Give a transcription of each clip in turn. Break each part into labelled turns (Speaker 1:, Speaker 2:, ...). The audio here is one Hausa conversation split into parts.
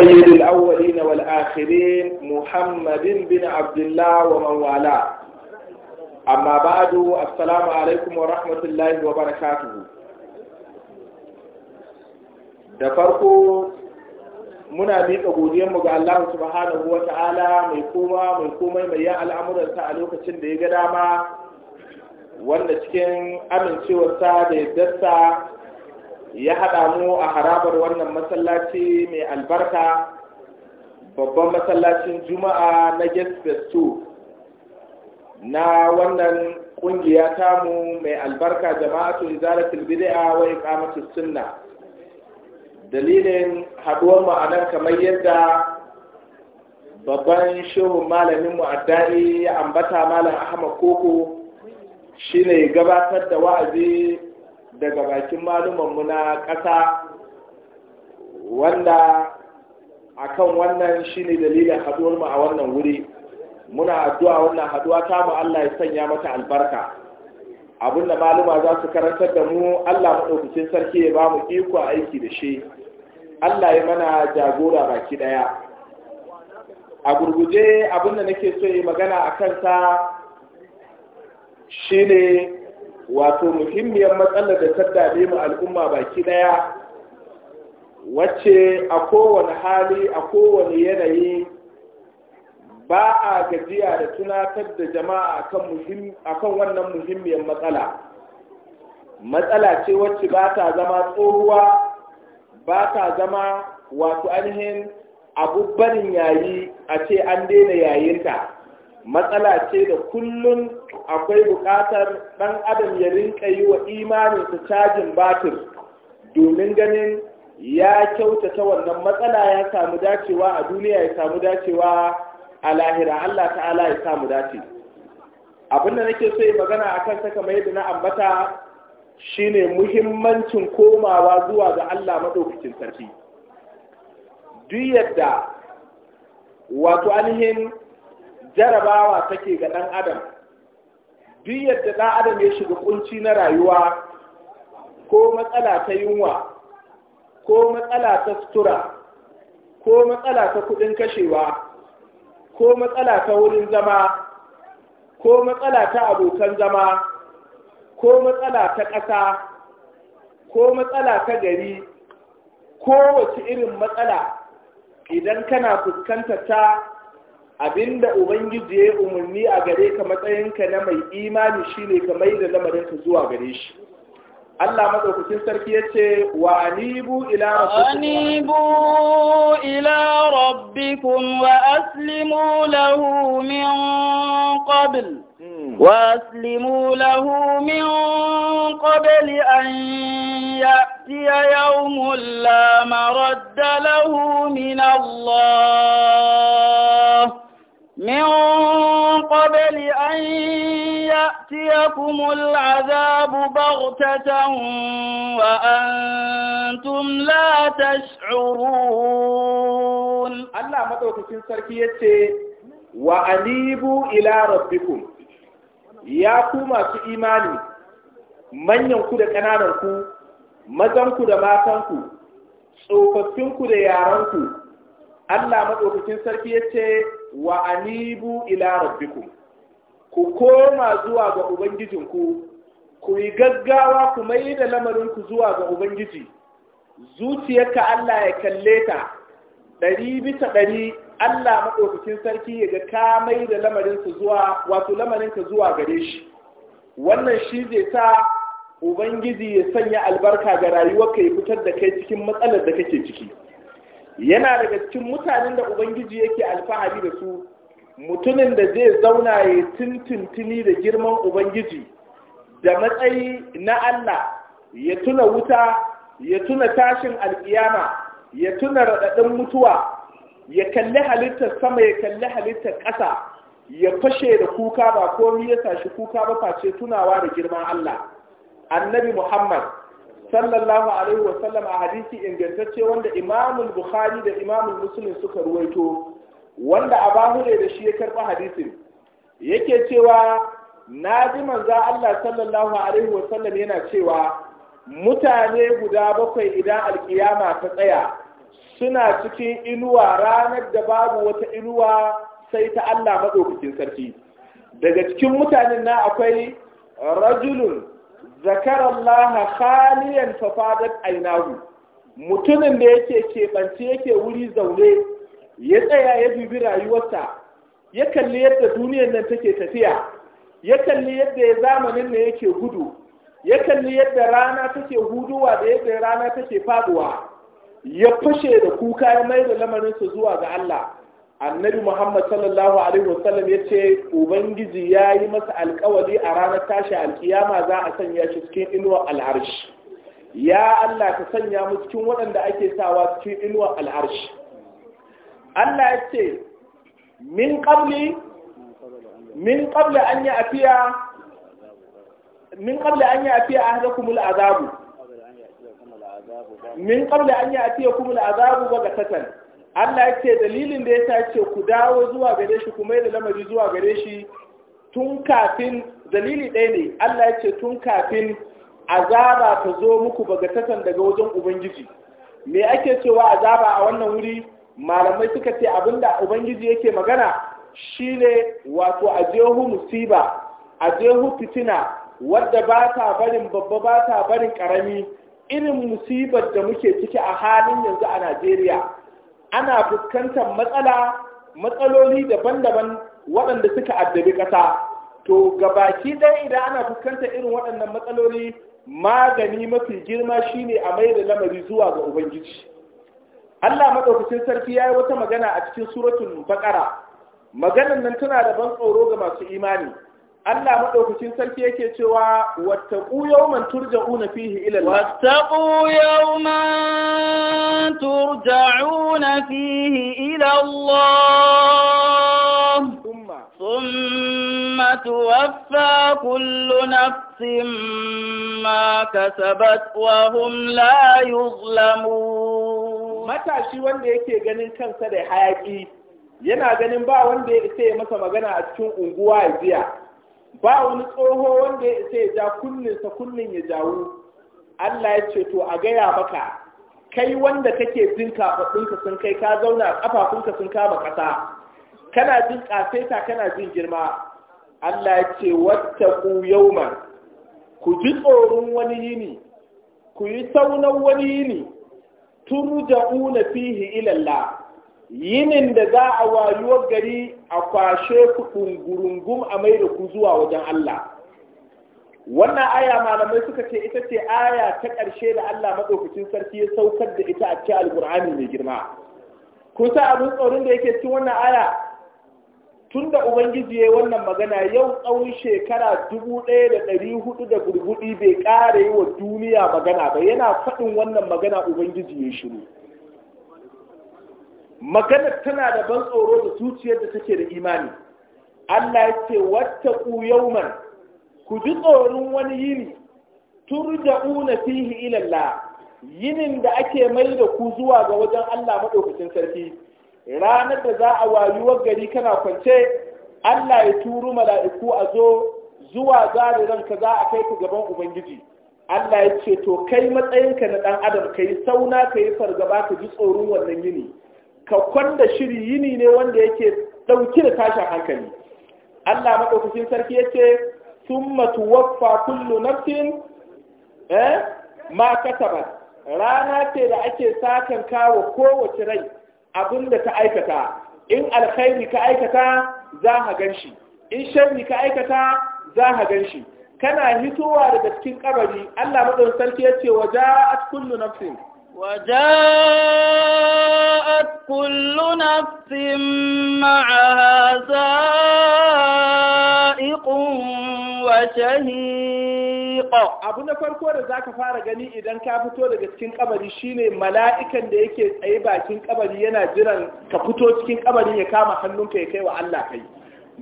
Speaker 1: سيد الأولين والآخرين محمد بن عبد الله ومن والاه أما بعد السلام عليكم ورحمة الله وبركاته da farko muna miƙa godiyarmu ga Allah subhanahu wa ta'ala mai mai komai mai yin al'amuransa a lokacin da ya ga dama wanda cikin amincewarsa da yardarsa ya haɗa mu a harabar wannan masallaci mai albarka babban masallacin juma'a na guest 2 na wannan ƙungiya mu mai albarka jama'atu izalatul bid'a wa iqamatus sunna dalilin haɗuwar mu anan kamar yadda babban shehun malamin mu ya ambata malam ahmad koko shine gabatar da wa'azi daga bakin mu na ƙasa wanda a kan wannan shi ne dalilin haɗuwar mu a wannan wuri muna addu'a wannan haduwa ta mu Allah ya sanya mata albarka abinda maluma za su karantar da mu Allah maɗaukacin sarki ya ba mu iko aiki da shi Allah ya mana jagora baki ɗaya a gurguje abinda nake so yi magana a kansa shine wato muhimmiyar matsalar da ta dame mu al'umma baki daya wacce a kowane hali a kowane yanayi ba a gajiya da tunatar da jama'a akan wannan muhimmiyar matsala matsala ce wacce ba ta zama tsohuwa ba ta zama wato ainihin abubanin yayi a ce an daina yayinta matsala ce da kullum akwai buƙatar ɗan adam ya rinka yi wa imaninsa cajin batir domin ganin ya kyautata wannan matsala ya samu dacewa a duniya ya samu dacewa a lahira Allah ta'ala ya samu dace abin da nake so yi magana a saka mai da na ambata shine muhimmancin komawa zuwa ga Allah maɗaukacin sarki duk yadda wato ainihin jarabawa take ga ɗan adam duk yadda ɗan adam ya shiga kunci na rayuwa ko matsala ta yunwa ko matsala ta sutura ko matsala ta kuɗin kashewa ko matsala ta wurin zama ko matsala ta abokan zama ko matsala ta ƙasa ko matsala ta gari ko wace irin matsala idan kana fuskanta ta abinda ubangiji ya umarni a gare ka matsayinka na mai imani shine ka mai da lamarinka zuwa gare shi Allah madaukakin sarki yace wa anibu ila rabbikum
Speaker 2: anibu ila rabbikum wa aslimu lahu min qabl hmm. aslimu له من قبل أن يأتي يوم لا مرد له من Allah. من قبل أن يأتيكم العذاب بغتة وأنتم لا تشعرون
Speaker 1: الله في سركية وأنيبوا إلى ربكم يا كما في إيماني من ينكد كنانكم mazanku da matanku tsofaffinku da yaranku Allah maɗaukakin sarki ya ce wa anibu ila rabbikum ku koma zuwa ga ubangijinku ku yi gaggawa ku mai da lamarinku zuwa ga ubangiji zuciyarka Allah ya kalle ta ɗari bisa ɗari Allah maɗaukakin sarki ya ga ka mai da lamarinsa zuwa wato lamarinka zuwa gare shi wannan shi zai sa ubangiji ya sanya albarka ga rayuwarka ya fitar da kai cikin matsalar da kake ciki yana daga cikin mutanen da ubangiji yake alfahari da su mutumin da zai zauna ya tuntuntuni da girman ubangiji da matsayi na Allah ya tuna wuta ya tuna tashin alkiyama ya tuna raɗaɗin mutuwa ya kalli halittar sama ya kalli halittar ƙasa ya fashe da kuka ba komi ya tashi kuka ba face tunawa da girman Allah annabi Muhammad sallallahu alaihi wa sallam a hadisi ingantacce wanda imamul bukhari da imamul muslim suka ruwaito wanda abu da shi ya karba hadisin yake cewa na ji manzo Allah sallallahu alaihi wa sallam yana cewa mutane guda bakwai idan alkiyama ta tsaya suna cikin inuwa ranar da babu wata inuwa sai ta Allah madaukakin sarki daga cikin mutanen na akwai rajulun zakar Allah khaliyan tafadat ainahu mutumin da yake keɓance yake wuri zaune ya tsaya ya jibi rayuwarsa ya kalli yadda duniyar nan take tafiya ya kalli yadda ya zamanin ne yake gudu ya kalli yadda rana take huduwa da yadda rana take faduwa ya fashe da kuka ya mai da lamarinsa zuwa ga Allah annabi muhammad sallallahu alaihi wasallam ya ce ubangiji ya yi masa alkawali a ranar tashi alkiyama za a sanya shi cikin inuwar al'arshi ya allah ka sanya mu cikin waɗanda ake sawa cikin inuwar al'arshi allah ya ce min qabli min qabli an yi afiya min qabli an yi afiya ahdakumul azabu min qabli an yi afiya kumul azabu bagatatan Allah ya ce dalilin da ya sa ce ku dawo zuwa gare shi kuma da lamari zuwa gare shi tun kafin dalili ɗaya ne Allah ya ce tun kafin azaba ta zo muku bagatatan daga wajen ubangiji me ake cewa azaba a wannan wuri malamai suka ce abinda ubangiji yake magana shine wato ajehu musiba ajehu fitina wadda ba ta barin babba ba ta barin karami irin musibar da muke ciki a halin yanzu a Najeriya ana fuskantar matsala matsaloli daban-daban waɗanda suka addabi ƙasa to ga baki ɗaya idan ana fuskantar irin waɗannan matsaloli magani mafi girma shine a mai da lamari zuwa ga ubangiji Allah maɗaukacin sarki ya yi wata magana a cikin suratun baƙara maganan nan tana da ban tsoro ga masu imani Allah maɗaukacin sarki yake cewa wattaku yawman turja'una fihi ila Allah
Speaker 2: wattaqu yawman turja'una fihi ila Allah thumma thumma tuwaffa kullu nafsin ma kasabat wa hum la yuzlamun matashi wanda yake ganin
Speaker 1: kansa da hayaƙi yana ganin ba wanda ya isa ya masa magana a cikin unguwa jiya ba wani tsoho wanda ya isa ya ja kunninsa kunnin ya jawo Allah ya ce to a gaya baka kai wanda kake jin kafaɗinka sun kai ka zauna kafafunka sun kama ƙasa kana jin ƙafeta kana jin girma Allah ya ce wattaku yawman ku ji tsoron wani yini ku yi saunan wani yini turja'una fihi ilallah yinin da za a wayuwar gari a kwashe ku ɗungurungum a mai da ku zuwa wajen Allah wannan aya malamai suka ce ita ce aya ta ƙarshe da Allah maɗaukacin sarki ya saukar da ita a cikin alƙur'ani mai girma kun sa abin tsoron da yake cikin wannan aya tun da ubangiji ya wannan magana yau tsawon shekara dubu ɗaya da ɗari hudu da gurgudi bai ƙara yi wa duniya magana ba yana faɗin wannan magana ubangiji ya shiru maganar tana da ban tsoro da zuciyar da take da imani Allah ya ce wata yawman ku ji tsoron wani yini turja'una fihi ila Allah yinin da ake mai da ku zuwa ga wajen Allah madaukakin sarki ranar da za a wayuwar gari kana kwance Allah ya turu mala'iku a zo zuwa zari ranka za a kai ku gaban Ubangiji Allah ya ce to kai matsayinka na ɗan adam ka yi sauna ka fargaba ka ji tsoron wannan yini Ka kwanda shiri yini ne wanda yake ɗauki da tashin hankali Allah maɗaukakin sarki ya ce sun kullu nafsin eh ma kasabat rana ce da ake sakan kawo kowace rai abin da ta aikata in alkhairi ka aikata za ka gan in sharri ka aikata za ka gan kana hitowa daga cikin kabari Allah maɗaukakin sarki ya ce
Speaker 2: wa ja'at kullu nafsin وجاءت كل نفس معها زائق وشهيق abu na farko da zaka fara gani
Speaker 1: idan ka fito daga cikin kabari shine mala'ikan da yake tsaye bakin kabari yana jiran ka fito cikin kabarin ya kama hannunka ya kai wa Allah kai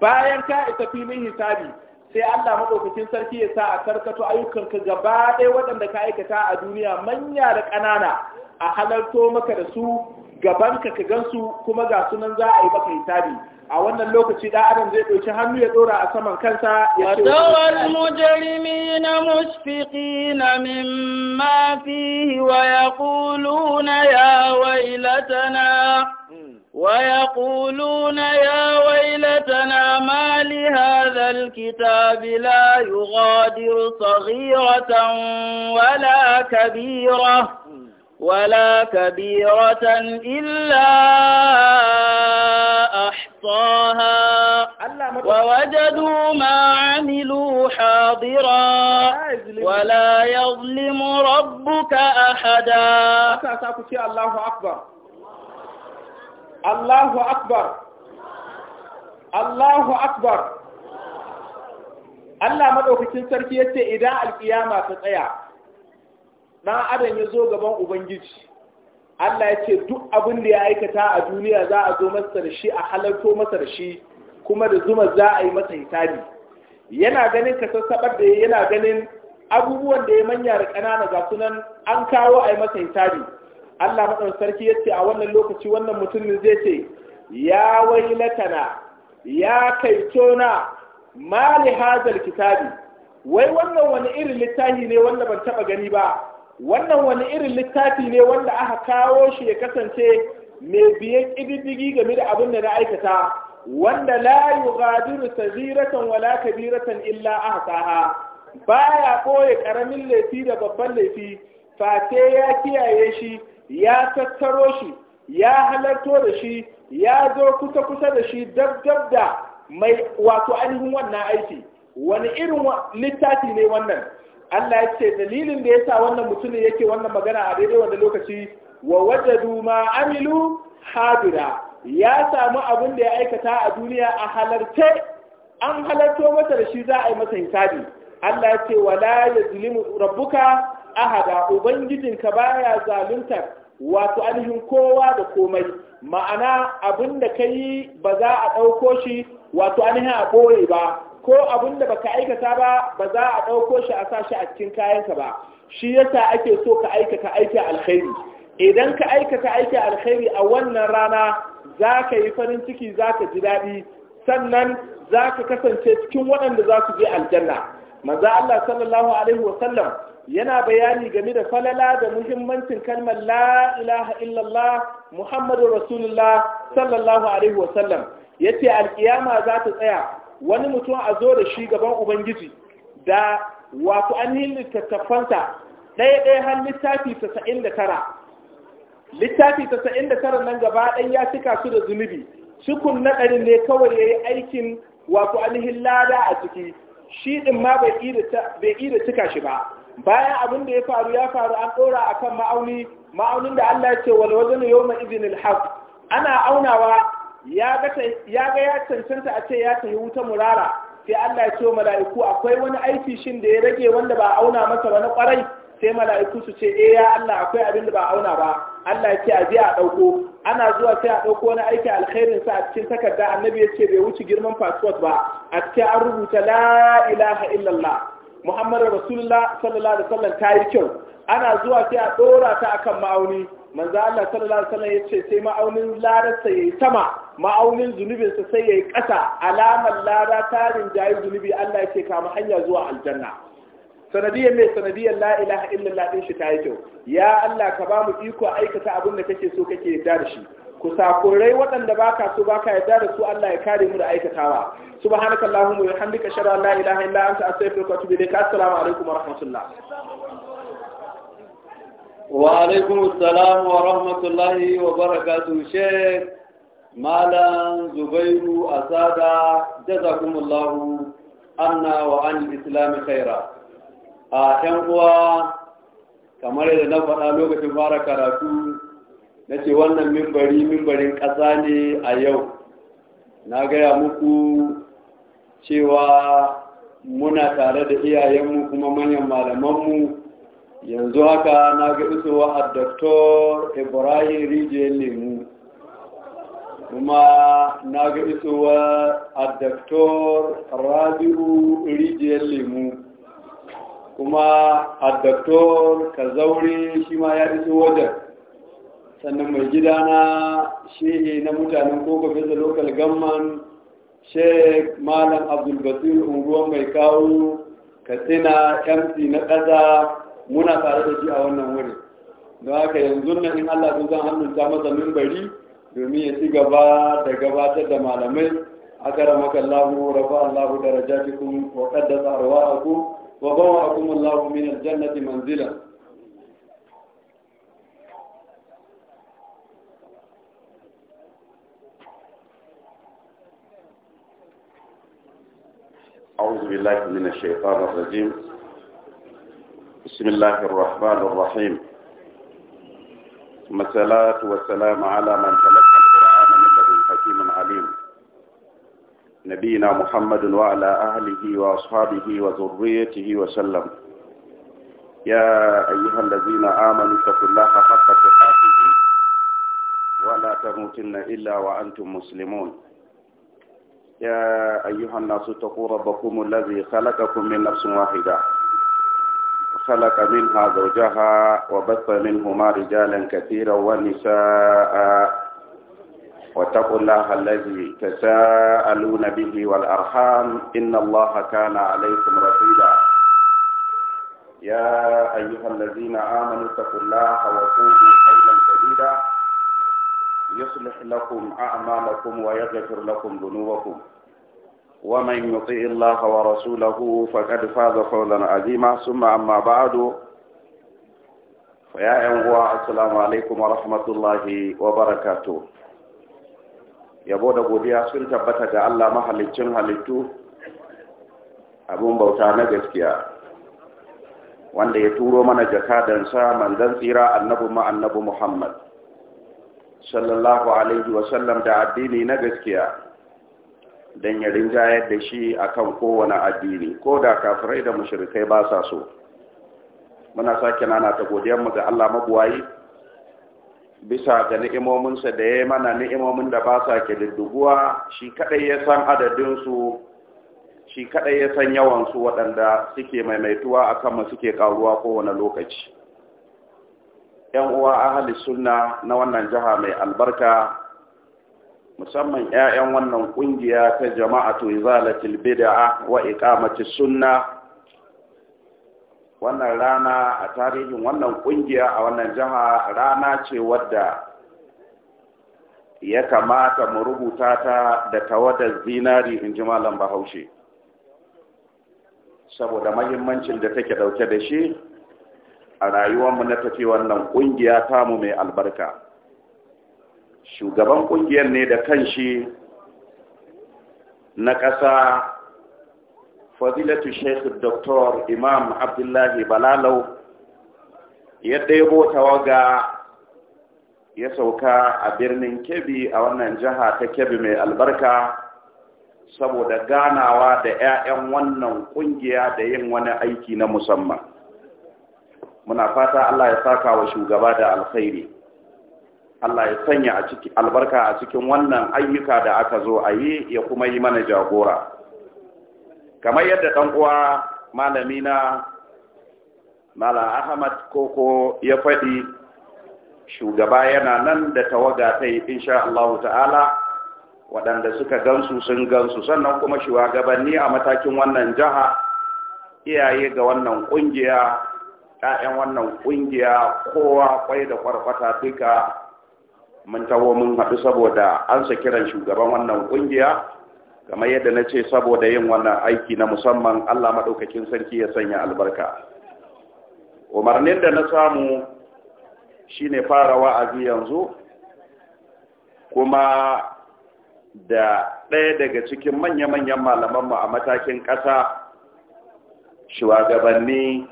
Speaker 1: bayan ka isa filin hisabi sai Allah maɗaukacin sarki ya sa a karkato ayyukanka gaba ɗaya waɗanda ka aikata a duniya manya da ƙanana a halarto maka da su gaban ka gansu kuma ga sunan za a yi maka hisabi a wannan lokaci da adam zai ɗauki hannu ya ɗora a saman
Speaker 2: kansa ya ce wa mujrimina musfiqina mimma fihi wa yaquluna ya wailatana ويقولون يا ويلتنا ما لهذا الكتاب لا يغادر صغيرة ولا كبيرة ولا كبيرة إلا أحصاها ووجدوا ما عملوا حاضرا ولا يظلم ربك أحدا الله أكبر
Speaker 1: Allahu akbar Allahu akbar Allah madaukakin sarki ya ce, idan alkiyama ta tsaya dan adam ya zo gaban ubangiji Allah ya ce duk abin da ya aikata a duniya za a zo masa da shi a halarto masa da shi kuma da zuma za a yi masa hisabi yana ganin ka sassabar da yana ganin abubuwan da ya manya da ƙanana ga sunan an kawo a yi masa hisabi Allah maɗan sarki ya ce a wannan lokaci wannan mutumin zai ce ya wailatana ya kaitona mali hazal kitabi wai wannan wani irin littafi ne wanda ban taɓa gani ba wannan wani irin littafi ne wanda aka kawo shi ya kasance mai biyan ƙididdigi game da abin da na aikata wanda la yughadiru sagiratan wala kabiratan illa ahsaha baya ɓoye karamin laifi da babban laifi fate ya kiyaye shi ya tattaro shi ya halarto da shi ya zo kusa kusa da shi dab dab da mai wato ainihin wannan aiki wani irin littafi ne wannan Allah ya ce dalilin da ya sa wannan mutumin yake wannan magana a daidai wanda lokaci wa wajadu ma amilu hadira ya samu abin da ya aikata a duniya a halarce an halarto masa da shi za a yi masa hisabi Allah ya ce wala yazlimu rabbuka ahada ubangijinka baya zaluntar wato ainihin kowa da komai ma'ana abin da ka yi ba za a ɗauko shi wato ainihin a ɓoye ba ko abin da baka aikata ba ba za a ɗauko shi a sa shi a cikin kayanka ba shi yasa ake so ka aikata aiki alkhairi idan ka aikata aiki alkhairi a wannan rana za ka yi farin ciki za ka ji daɗi sannan za ka kasance cikin waɗanda za su je aljanna maza Allah sallallahu alaihi wa sallam yana bayani game da falala da muhimmancin kalmar la ilaha illallah muhammadu rasulullah sallallahu alaihi wasallam ya ce alkiyama za ta tsaya wani mutum a zo da shi gaban ubangiji da wato ainihin littattafansa ɗaya ɗaya har littafi tasa'in da tara littafi tasa'in da tara nan gaba ɗan ya cika su da zunubi sukun naɗari ne kawai ya yi aikin wato ainihin lada a ciki shi ɗin ma bai iya cika shi ba bayan abin da ya faru ya faru an ɗora akan ma'auni ma'aunin da Allah ya ce wal wazanu yawma idhin al haq ana aunawa ya ga ya cancanta a ce ya tafi wuta murara sai Allah ya ce mala'iku akwai wani aiki shin da ya rage wanda ba auna masa ba na kwarai sai mala'iku su ce eh ya Allah akwai abin da ba auna ba Allah ya ce a je a dauko ana zuwa sai a ɗauko wani aiki alkhairin sa a cikin takarda annabi ya ce bai wuce girman passport ba a cikin an rubuta la ilaha illallah muhammadu rasulullah sallallahu alaihi wasallam ta yi kyau ana zuwa sai a ɗora ta akan ma'auni manzo Allah sallallahu alaihi wasallam yace sai ma'aunin ladarsa yayi sama ma'aunin zunubinsa sai yayi ƙasa alamar lada ta jayi zunubi Allah yake kama hanya zuwa aljanna sanadiyar mai sanadiyar la ilaha illallah din shi ta yi kyau ya Allah ka ba mu iko aikata abin da kake so kake yarda da shi Ku kusakurai waɗanda baka so baka yarda da su Allah ya kare mu da aikatawa subhanaka allahumma wa bihamdika ashhadu an la ilaha illa anta astaghfiruka wa atubu ilayk assalamu alaikum wa rahmatullah
Speaker 3: wa alaikum assalam wa rahmatullahi wa barakatuh sheikh malam zubairu asada jazakumullahu anna wa an islam khaira a yan uwa kamar yadda na faɗa lokacin fara karatu na ce wannan mimbari mimbarin ƙasa ne a yau na gaya muku cewa muna tare da iyayenmu kuma manyan malamanmu yanzu haka na ga isowa a Dr. ibrahim rijiyar lemu kuma na ga isowa a Dr. rabi'u rijiyar lemu kuma a Dr. kazaure shi ma ya iso wajen sannan mai gidana ne na mutanen koko da local gamman sheik malam abdulbasir unguwan mai kawo katsina mc na ƙasa muna tare da shi a wannan wuri don haka yanzu nan in allah sun zan ta masa bari domin ya ci gaba da gabatar da malamai أكرمك الله رفع الله درجاتكم aku wa bawa الله من aljannati منزلا
Speaker 4: أعوذ بالله من الشيطان الرجيم بسم الله الرحمن الرحيم مسألة والسلام على من تلقى القرآن من حكيم عليم نبينا محمد وعلى أهله وأصحابه وذريته وسلم يا أيها الذين آمنوا اتقوا الله حق تقاته ولا تموتن إلا وأنتم مسلمون يا أيها الناس اتقوا ربكم الذي خلقكم من نفس واحدة خلق منها زوجها وبث منهما رجالا كثيرا ونساء واتقوا الله الذي تساءلون به والأرحام إن الله كان عليكم رقيبا يا أيها الذين آمنوا اتقوا الله وقولوا قولا سديدا يصلح لكم أعمالكم ويغفر لكم ذنوبكم ومن يطع الله ورسوله فقد فاز فوزا عظيما ثم أما بعد فيا أنواع السلام عليكم ورحمة الله وبركاته yabo da godiya sun tabbatar da Allah mahaliccin halittu Abin bauta na gaskiya wanda ya turo mana jakadansa manzan tsira annabi ma annabi Muhammad sallallahu alaihi wasallam da addini na gaskiya don ya rinjayar da shi akan kowane addini ko da kafirai da mushrikai ba sa so muna sake nana ta mu ga Allah mabuwayi bisa ga ni'imominsa da ya mana ni'imomin da ba sa ke didduguwa shi kadai ya san adadinsu shi kadai ya san yawansu waɗanda suke maimaituwa a kanmu suke karuwa kowane lokaci 'yan uwa ahli sunna na wannan jiha mai albarka musamman 'ya'yan wannan ƙungiya ta jama'atu izalatul bid'a wa iqamati sunna wannan rana a tarihin wannan ƙungiya a wannan jiha rana ce wadda ya kamata mu rubuta ta da tawadar zinari in ji malam bahaushe saboda mahimmancin da take dauke da shi a rayuwarmu na tafi wannan ƙungiya tamu mai albarka shugaban ƙungiyar ne da kanshi na ƙasa fadilatu sheikh Dr. imam abdullahi balalau ya ɗebo tawaga ya sauka a birnin kebbi a wannan jiha ta kebbi mai albarka saboda ganawa da 'ya'yan wannan ƙungiya da yin wani aiki na musamman muna fata Allah ya saka wa shugaba da alkhairi Allah ya sanya a ciki albarka a cikin wannan ayyuka da aka zo a yi ya kuma yi mana jagora kamar yadda dan uwa malami na mala Ahmad koko ya faɗi shugaba yana nan da tawaga ta yi insha Allah ta'ala waɗanda suka gansu sun gansu sannan kuma shugabanni a matakin wannan jaha iyaye ga wannan ƙungiya ƴaƴan wannan ƙungiya kowa kwai da kwarkwata duka mun tawo mun haɗu saboda an sa kiran shugaban wannan ƙungiya kamar yadda na ce saboda yin wannan aiki na musamman allah maɗaukakin sarki ya sanya albarka umarnin da na samu shine fara wa'azi yanzu kuma da ɗaya daga cikin manya-manyan malamanmu a matakin ƙasa shugabanni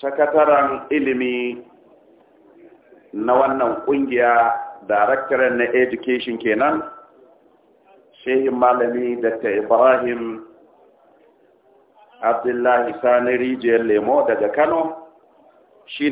Speaker 4: sakataren ilimi na wannan kungiya director na education kenan shehin malami dr ibrahim
Speaker 3: abdullahi sani rijiyar lemo daga kano
Speaker 1: shi